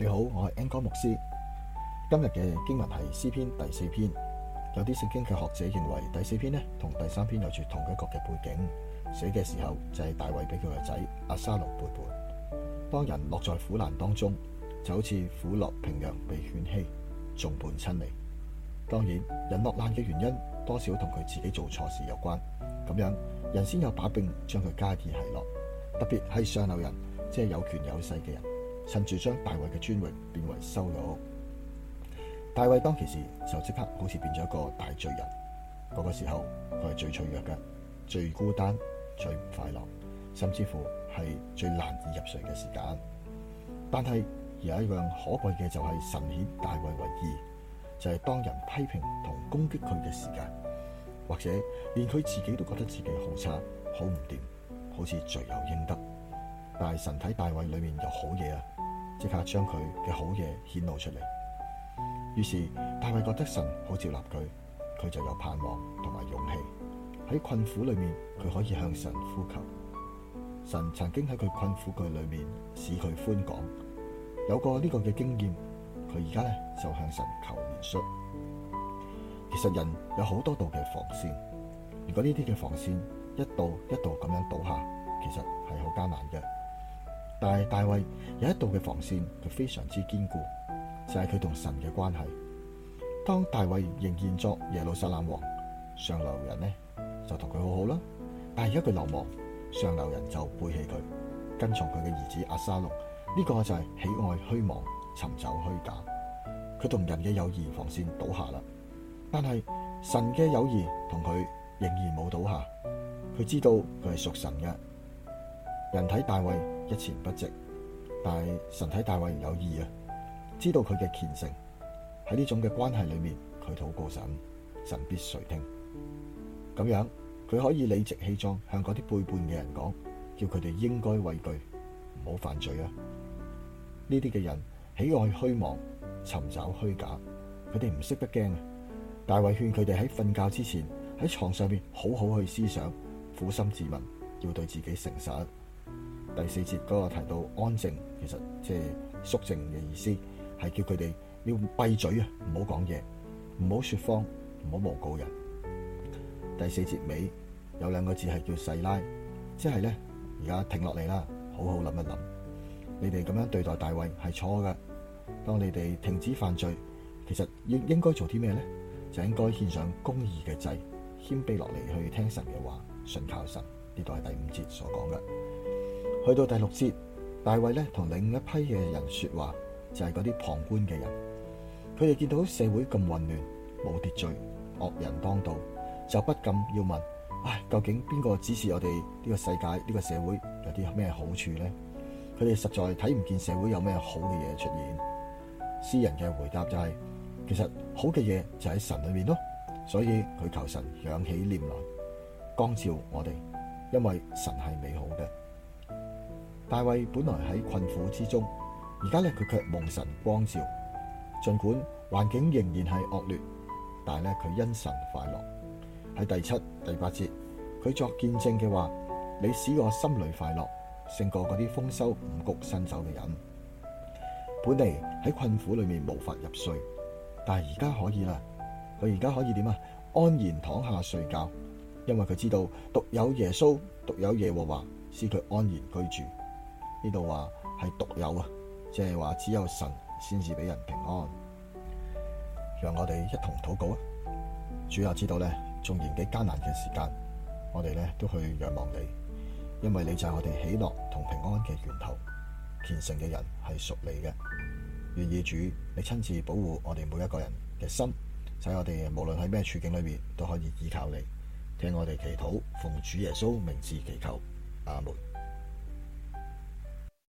你好，我係安哥牧師。今日嘅經文係詩篇第四篇。有啲聖經嘅學者認為第四篇呢同第三篇有住同一個嘅背景，寫嘅時候就係大衛俾佢個仔阿沙羅背叛。當人落在苦難當中，就好似虎落平陽被犬欺，眾叛親離。當然，人落難嘅原因多少同佢自己做錯事有關。咁樣人先有把柄將佢加以奚落，特別係上流人，即係有權有勢嘅人。趁住將大衛嘅尊榮變為羞辱，大衛當其時就即刻好似變咗一個大罪人。嗰、那個時候佢係最脆弱嘅、最孤單、最唔快樂，甚至乎係最難以入睡嘅時間。但係有一樣可貴嘅就係神顯大衛為義，就係、是、當人批評同攻擊佢嘅時間，或者連佢自己都覺得自己好差、好唔掂，好似罪有應得。但係神體大衛裏面有好嘢啊！即刻將佢嘅好嘢顯露出嚟，於是大衛覺得神好接納佢，佢就有盼望同埋勇氣喺困苦裏面，佢可以向神呼求。神曾經喺佢困苦句裏面使佢寬廣，有過這個呢個嘅經驗，佢而家咧就向神求憐恤。其實人有好多道嘅防線，如果呢啲嘅防線一道一道咁樣倒下，其實係好艱難嘅。但係大衛有一道嘅防線，佢非常之堅固，就係佢同神嘅關係。當大衛仍然作耶路撒冷王，上流人呢就同佢好好啦。但係而家佢流亡，上流人就背棄佢，跟從佢嘅兒子阿沙龍。呢個就係喜愛虛妄，尋找虛假。佢同人嘅友誼防線倒下啦，但係神嘅友誼同佢仍然冇倒下。佢知道佢係屬神嘅人。睇大衛一錢不值，但係神睇大衛有義啊！知道佢嘅虔誠，喺呢種嘅關係裏面，佢禱過神，神必垂聽。咁樣佢可以理直氣壯向嗰啲背叛嘅人講，叫佢哋應該畏懼，唔好犯罪啊！呢啲嘅人喜愛虛妄，尋找虛假，佢哋唔識得驚啊！大衛勸佢哋喺瞓覺之前喺床上面好好去思想，苦心自問，要對自己誠實。第四節嗰個提到安靜，其實即係肅靜嘅意思，係叫佢哋要閉嘴啊，唔好講嘢，唔好説謊，唔好誣告人。第四節尾有兩個字係叫細拉，即係咧而家停落嚟啦，好好諗一諗，你哋咁樣對待大衛係錯嘅。當你哋停止犯罪，其實應應該做啲咩咧？就應該獻上公義嘅祭，謙卑落嚟去聽神嘅話，信靠神。呢度係第五節所講嘅。去到第六節，大衛咧同另一批嘅人說話，就係嗰啲旁觀嘅人。佢哋見到社會咁混亂，冇秩序，惡人當道，就不禁要問：唉，究竟邊個指示我哋呢個世界呢個社會有啲咩好處咧？佢哋實在睇唔見社會有咩好嘅嘢出現。詩人嘅回答就係：其實好嘅嘢就喺神裏面咯，所以佢求神仰起臉來，光照我哋，因為神係美好嘅。大衛本來喺困苦之中，而家咧佢卻蒙神光照。儘管環境仍然係惡劣，但係咧佢因神快樂。喺第七、第八節，佢作見證嘅話：你使我心裏快樂，勝過嗰啲豐收五穀新酒嘅人。本嚟喺困苦裏面無法入睡，但係而家可以啦。佢而家可以點啊？安然躺下睡覺，因為佢知道獨有耶穌、獨有耶和華使佢安然居住。呢度話係獨有啊，即係話只有神先至俾人平安，讓我哋一同禱告啊！主啊，知道咧，縱然幾艱難嘅時間，我哋咧都去仰望你，因為你就係我哋喜樂同平安嘅源頭。虔誠嘅人係屬你嘅，願意主你親自保護我哋每一個人嘅心，使我哋無論喺咩處境裏面都可以依靠你。聽我哋祈禱，奉主耶穌名字祈求，阿門。